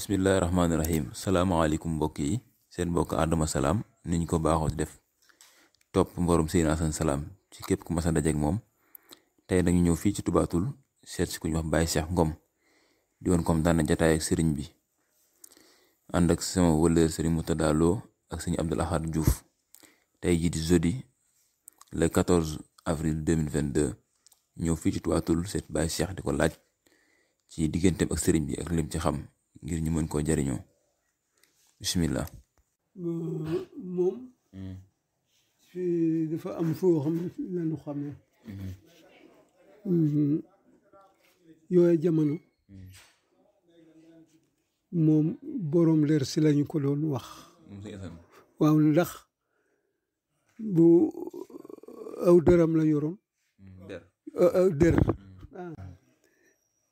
bismillahi rahmaani rahim salaamaaleykum mbokk yi seen mbokk Adama salaam niñ ko baaxoo def topp mborum Seydina Assane Salam ci képp ku mas a dajeek moom tey dañu ñëw fii ci tubaatul Toul seet si ku Ngom di woon comme daan jataay bi ànd ak sama wëllër sëriñ ak sëriñ Abdoul Ahad Diouf jii di jeudi le 14 avril 2022 ñëw fii ci Touba Toul seet Baye di ko laaj ci digganteem ak sëriñ bi ak lim ci xam. ngir ñu mën koo jariñoo bismillah moom mm. fii dafa am foo xam ne lañu xamee mm-hmm. mm-hmm. yooye jamono mm. moom boroom leer si lañu ko doon wax waaw ndax bu uh, aw dëram la yoroon mm, der uh, ah.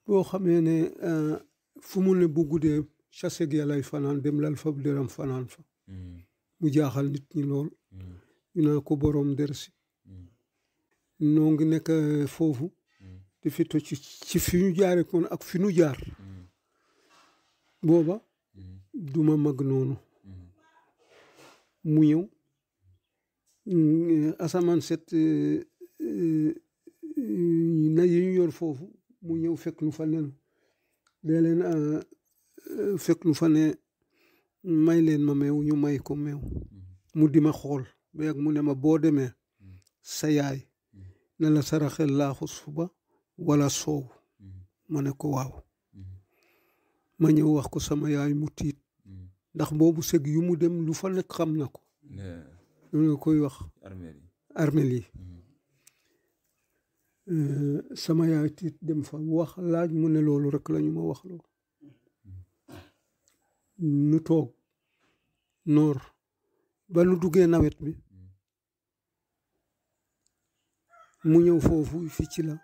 boo xamee ne uh, fu mu ne bu guddee chasse gi fanaan dem lal fa deram fanaan fa hmm. mu jaaxal nit ñi lool hmm. ñu naa ko boroom der si hmm. noo ngi nekk eh, foofu di fi toj ci fi ñu jaare kon ak fi ñu jaar booba duma mag noonu mu ñëw asamaan set eh, eh, na yi ñu foofu mu ñëw fekk nu fa nenu dee leen ah, eh, fekk lu fa ne may leen ma meew ñu may ko meew mm-hmm. mu di ma xool ba yàgg mu ne ma boo demee mm-hmm. sa yaay mm-hmm. na la saraxel laaxu suba wala soow ma ne ko waaw ma ñëw wax ko sama yaay mu tiit ndax boobu sëg yu mu dem lu fa nekk xam na ko lu koy wax armel yi Euh, sama yaay tiit dem fa wax laaj mu ne loolu rek la ñu ma wax loo nu toog noor ba nu duggee nawet bi mu ñëw foofu fi ci la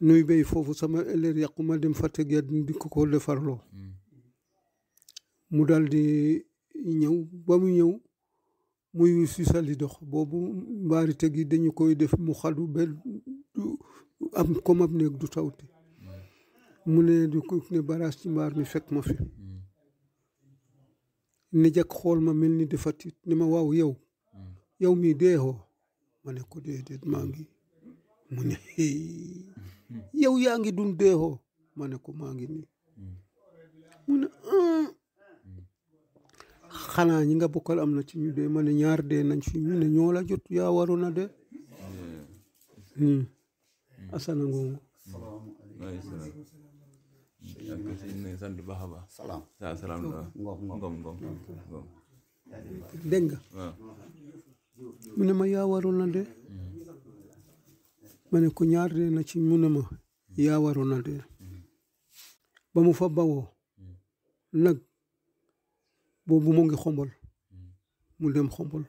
nuy béy foofu sama ëllëg yàqu ma dem fa teg di ko ko defarloo mu daal di ñëw ba mu ñëw muy si sali dox boobu mbaari teg yi dañu koy def mu xadu ba am comme ab néeg du tawte mu ne du ko ne baraas mbaar mi fekk ma fi hmm. ni jak xool ma mel ni dafa tiit ni ma waaw yow hmm. yow mii deexoo ma ne ko déedéet maa ngi mu ne yow yaa ngi dun deexoo ma ne ko maa ngi nii hmm. mu ne xanaa ñi nga bokkal am na ci ñu dee ma ne ñaar dee nañ fi ñu ne ñoo jot yaa waroon a dee asalaamaaleykum Ngongo. waaleykum salaam. baax a baax. salaam saa salaam la ngom ngom ngom mu ma yaa waroon na de. ma ne ñaar de na ci mu ma. yaa waroon na de. ba mu fa bawoo. nag boobu mu ngi xombol. mu dem xombol.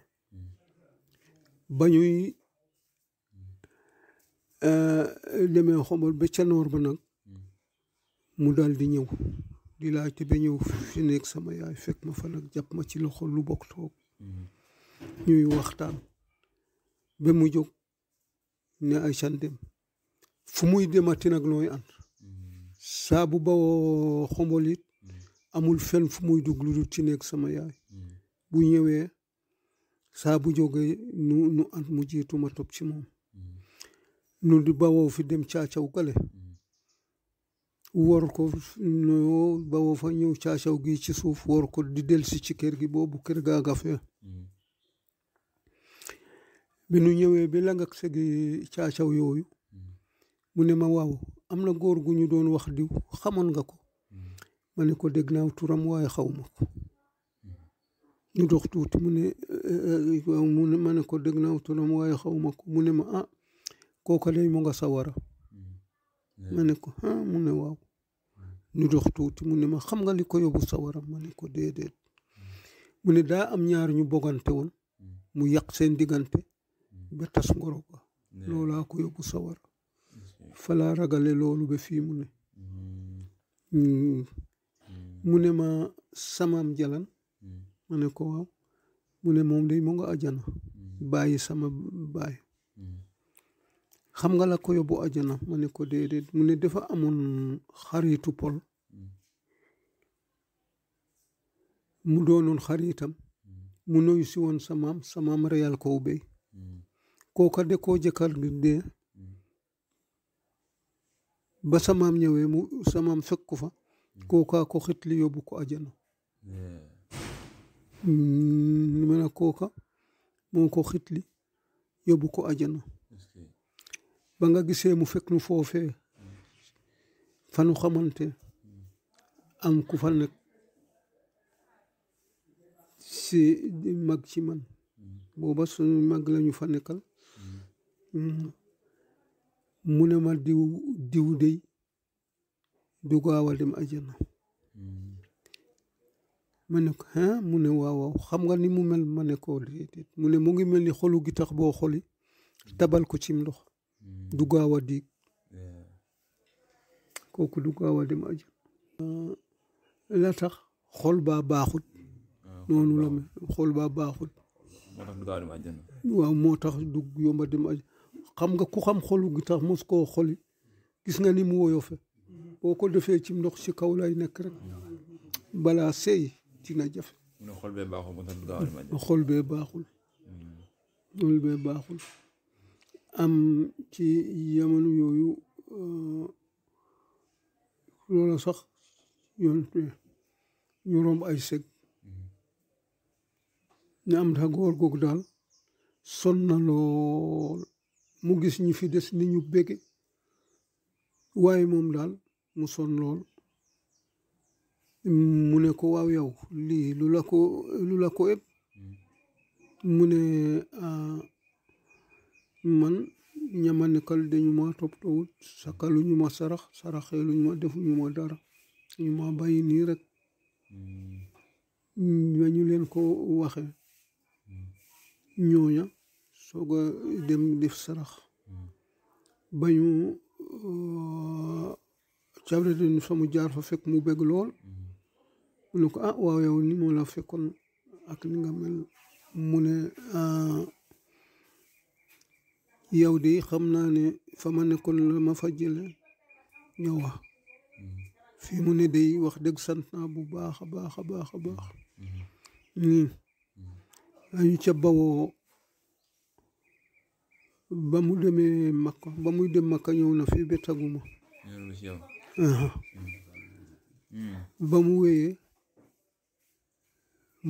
demee eh, xombol ba ca noor ba nag hmm. mu daal di ñëw di laajte ba ñëw fi nekk sama yaay fekk ma fa nag jàpp ma ci loxo lu bokk toog hmm. ñuy waxtaan ba mu jóg ne ay can fu muy demati nag nooy ànd hmm. saa bu bawoo xombol it amul fenn fu muy dugg lu dul ci nekk sama yaay bu ñëwee saa bu jógee nu nu mu jiitu ma topp ci moom nu di bawoo fi dem caacaw gale mm-hmm. wor ko nu bawoo fa ñëw caacaw gi ci suuf wor ko di delsi ci kër gi boobu kër gaa mm-hmm. bi nu ñëwee bi la nga segi caacaw yooyu mm-hmm. mu ne ma waw am na góor gu ñu doon wax diw xamoon nga ko ma ne ko dégg naa turam waaye xaw ma ko ñu eh, eh, eh, mu ne ma ne ko dégg naa turam waaye xaw ma mu ne ma ah, kooku lay mu nga sawara mm-hmm. ma ne ko ah mu ne waaw ñu dox tuuti mu ne ma xam nga li ko yóbbu sawara ma ni ko déedéet mm-hmm. mu ne daa am ñaar ñu bogante woon mm-hmm. mu yàq seen diggante ba tas ngoro ba loolaa ko yóbbu sawara falaa ragale loolu ba fii mu ne mu ne ma samaam jalan ma ne ko waaw mu ne moom day mu nga ajana bàyyi sama baay xam nga la ko yóbbu àjjana ma ne ko déedéet mu ne dafa amoon xaritu pol mm. mu doonoon xaritam mm. mu nuyu si woon samaam samaam reyal kow béy mm. kooka de koo jëkkal gi dee ba samaam ñëwee mu samaam fekk ko fa kooka ko xitli yóbbu ko àjjana ma ne kooka moo ko xitli yóbbu ko àjjana ba nga gisee mu fekk nu foofe fanu nu xamante am fa nekk si mag ci man booba suñu mag lañu fa nekkal mu ne ma diw diw dey du gaaw a dem ajana ma ne ko ah mu ne waaw waaw xam nga ni mu mel ma nekkoo ko déedéet mu ne mu ngi mel ni xolu gi tax boo xoli tabal ko cim ndox du gaaw a dig kooku du gaaw a dem àjjana la tax xol baa baaxut ah, noonu la mel xol baa baaxut waaw moo tax du yomba dem àjjana xam nga ku xam xolu gi tax mos koo xoli gis nga ni mu woyofe boo ko defee ci ndox ci kaw lay nekk rek balaa seey dina jafe xol bee baaxul xol bee baaxul mm. am ci jamono yooyu euh, loola sax ñu romb ay sëg ñu am tax góor googu daal sonn na lool mu gis ñi fi des ni ñu bége waaye moom daal mu sonn lool mu ne ko waaw yaw lii lu la ko lu mm. mu ne ah, man ña ma nekkal dañu ma toppatoo wut sakkaluñu ma sarax saraxeeluñu ma defuñu ma dara ñu ma bàyyi nii rek hmm. ba ñu leen ko waxe hmm. ñooña soog a dem def sarax hmm. ba ñu cabre dañu fa mu jaar fa fekk mu bëgg lool mu ne ko ah waaw yow ni moo la fekkoon ak ni nga mel mu ne ah, yow de xam naa ne fa ma nekkoon la ma fa jële nga wax fi mu ne day wax dëgg sant naa bu baax a baax a baax a baax ñii lañu ca bawoo ba mu demee Makka ba muy dem Makka ñëw na fii ba taguma hmm. ba mu wéyee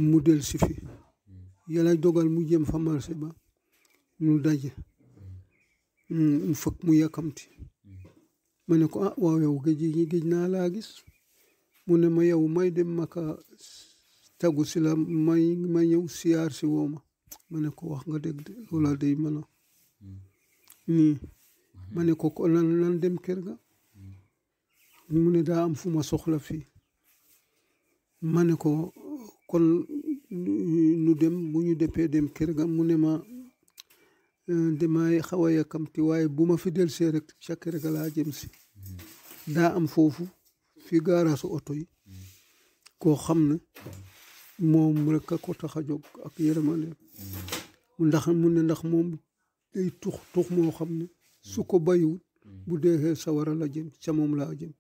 mu del si fi hmm. yàlla dogal mu jëm fa marché ba ñu daje mu mm, fëgg mu yàkkamti ma ne ko ah waaw yow géej gi naa laa gis mu ne ma yow may dem maka tagu si la may ma ñëw siyaar si woo ma ma ne ko wax nga dégg de wala day nii ma ne ko ko nan dem kër ga mu ne daa am fu ma soxla fii ma ne ko kon nu dem bu ñu deppee dem kër ga mu ne ma Euh, damay xaw a yàkkamti waaye bu ma fi delsee rek Chakira ga laa jëm si hmm. daa am foofu fi gaaraasu oto yi koo xam ne moom rek a ko tax a jóg ak yërëmande hmm. ndax mun ne ndax moom day tux tux moo xam ne su ko bayiwul hmm. bu deexee sawara la jëm ca moom laa jëm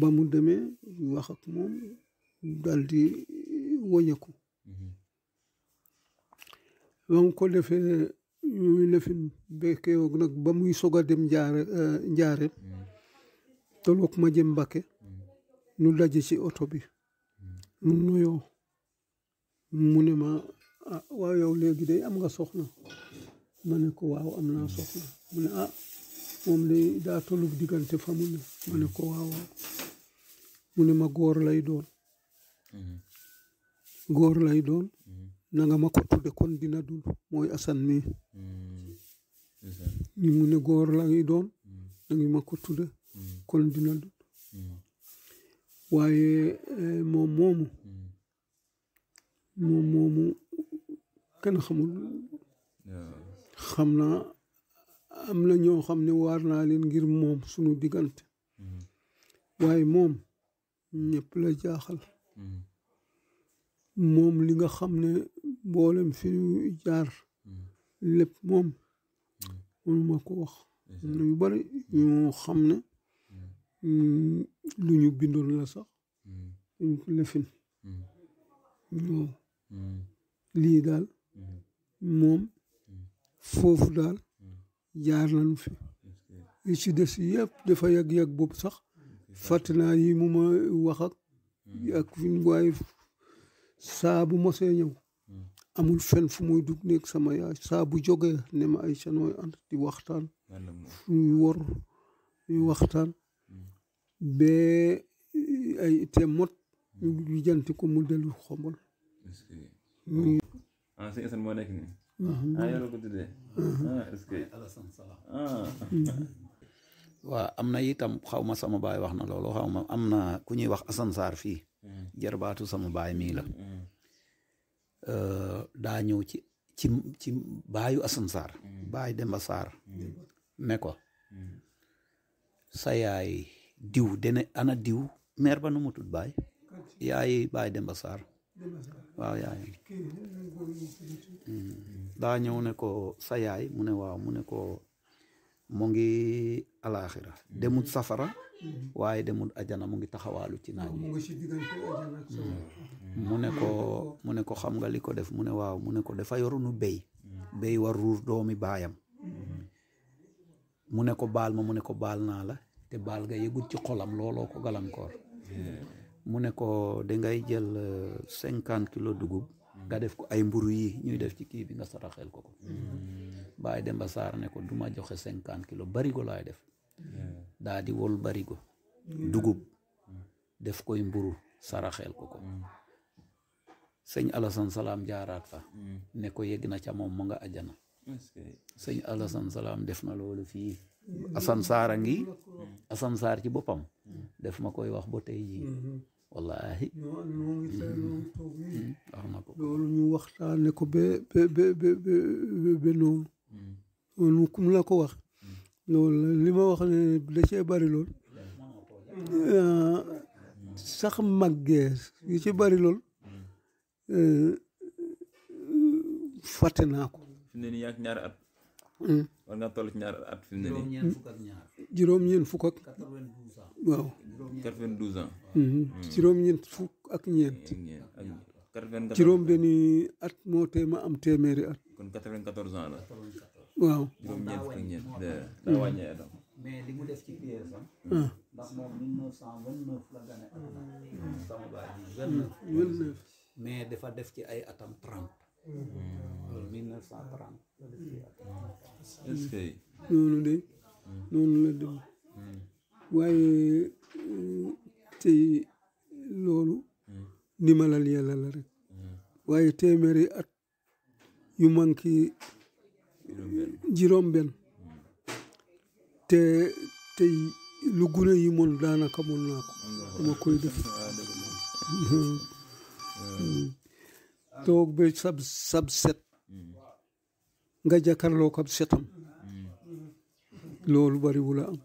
ba mu demee wax ak moom daldi woñeku won ko defé ñu lefin be keewog nak ba muy dem a dem njaare njaareem toloog ma jëm mbàkke nu daje ci auto bi nu nuyo mu ne ma ah waaw yow légui day am nga soxna ma ne ko waaw am naa soxna mu ne ah moom day daa tolug diggante fa mu ne ma ne ko waaw waaw mu ne ma góor lay doon góor lay doon nanga nga ma ko tudde kon dina dund mooy asan mi ñu mm. ne góor la ngi doon mm. na ma ko tudde mm. kon dina dund waaye eh, moom moomu moom moomu kenn xamul xam naa am na ñoo xam ne war naa leen ngir moom sunu diggante waaye moom ñëpp la jaaxal moom li nga xam ne mboolem fi jaar hmm. lépp moom hmm. mënuma ko wax am na bari hmm. ñu xam ne lu ñu bindoon la sax duñ ko lefin lii daal moom foofu daal jaar nañu fi li ci des yëpp dafa yàgg-yàgg boobu sax fàtte naa yi mu ma wax ak ak waaye saa bu mosee ñëw amul fen fu muy dug néeg sama yaay saa joge ne ma ay sanooy ànd di waxtaan fu wor ñu waxtaan be ay te mot ñu lijjanti ko mu delu xombal ah si Assane moo nekk nii ah yow la ko tuddee ah est-ce que waaw am na itam xaw ma sama baay wax na loolu xaw ma am na ku ñuy wax Assane Sarr fii jarbaatu sama baay mii la mm. euh, daa ñëw ci ci ci baayu Assane mm. baay Demba Sarr mm. ko sa yaay diw dene ana diw mer ba nu mu tudd baay yaay baay Demba waaw yaay daa ñëw ne ko sa yaay mu ne waaw mu ne ko mu ngi alaaxira mm-hmm. demul safara mm-hmm. waaye demul ajana mu ngi taxawaalu ci naaj mm-hmm. mu ne ko mu ne ko xam nga li ko def mu ne waaw mu ne ko dafa yorunu béy béy war ruur doomi baayam mu ne ko baal ma mu ne ko baal naa la te baal ga yëgut ci xolam looloo ko galankoor mu ne ko dangay jël euh, cinquante kilo dugub nga def ko ay mburu yi ñuy def ci kii bi nga saraxel ko ko Baye Demba Sarr ne ko duma ma joxe cinquante kilos barigo laay def daa di wol barigo dugub def koy mburu saraxeel ko ko sëñ Alassane Salaam jaaraat fa ne ko yegg na ca moom mu nga ajana sëñ Alassane Salaam def na loolu fii Assane Sarr a ngi Assane Sarr ci boppam def ma koy wax ba tey jii wallahi wax na ko loolu ñu waxtaane ko be be be noonu loolu mu la ko wax loolu li wax ne cee bari lool euh, sax màggee yu ci bari lool euh, fàtte naa ko. fi mu ne nii yaa ngi ñaari at. Hmm. war ngaa toll ci ñaari at nii. ak. Hmm. Hmm. at moo tee ma am téeméeri at. kon 94 ans waaw moom ñeent wàññi atam mais li mu def ci biir sax ndax moom mille dafa def ci ay atam trente loolu noonu de noonu la dem waaye tey loolu ndimalal yàlla la rek waaye téeméeri at yu manqué juróom-benn te tey lu gune yi mën daanaka mën naa ko dama koy toog ba sab set nga jàkkaarloo ko ab setam loolu bariwul a am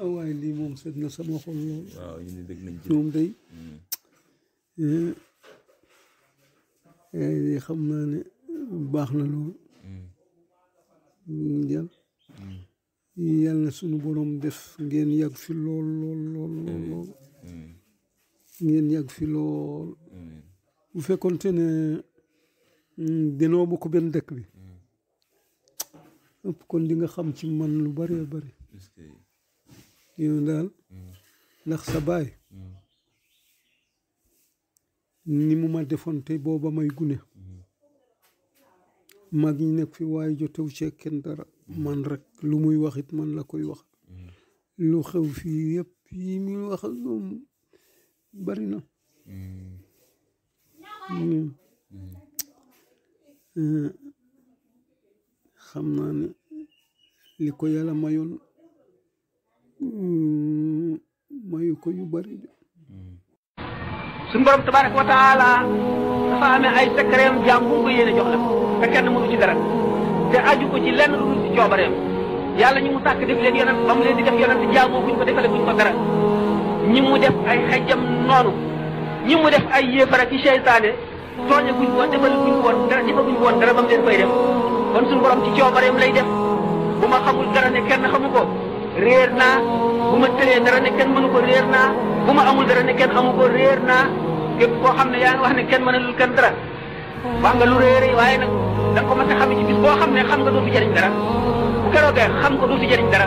ah waaye lii moom set na sama xol lool moom day eh, eh, xam naa ne baax na lool njël mm. na sunu borom def ngeen yàgg fi lool lool ngeen yàgg fi lool bu fekkonte ne mm, danoo bokk benn dëkk bi mm. ëpp kon di nga xam ci man lu bare bare yow daal ndax sa ni mu ma defoon te booba may gune mag ñi nekk fi waaye jotewu ci kenn dara mm-hmm. man rekk lu muy waxit man la koy wax mm-hmm. lu xew fii yëpp yii muy wax ak na mm-hmm. Eh, xam naa ne li ko yàlla mayoon mm, mayu ko yu bari suñu borom tabaraka wa taala dafa amee ay secret jaam bu ko yéene jox la ko te kenn mënu dara te aju ko ci lenn lu dul ci coobareem yàlla ñu mu sàkk def leen yonent ba leen di def yonent jaamoo buñ ko defale buñ ko dara ñi mu def ay xajjam noonu ñi mu def ay yéefara ci seytaane tooñe guñ woon defal guñ woon dara defa guñ woon dara ba mu leen koy def kon suñu borom ci coobareem lay def bu ma xamul dara ne kenn xamu ko réer naa bu ma tëlee dara ne kenn mënu ko réer bu ma amul dara ne ken xamu ko réer naa képp koo xam ne yaa ngi wax ne kenn mënalul ken dara wax nga lu réer waaye nag da nga ko mën a xam ci bis boo xam ne xam nga dootu jëriñ dara bu keroogee xam nga dootu jëriñ dara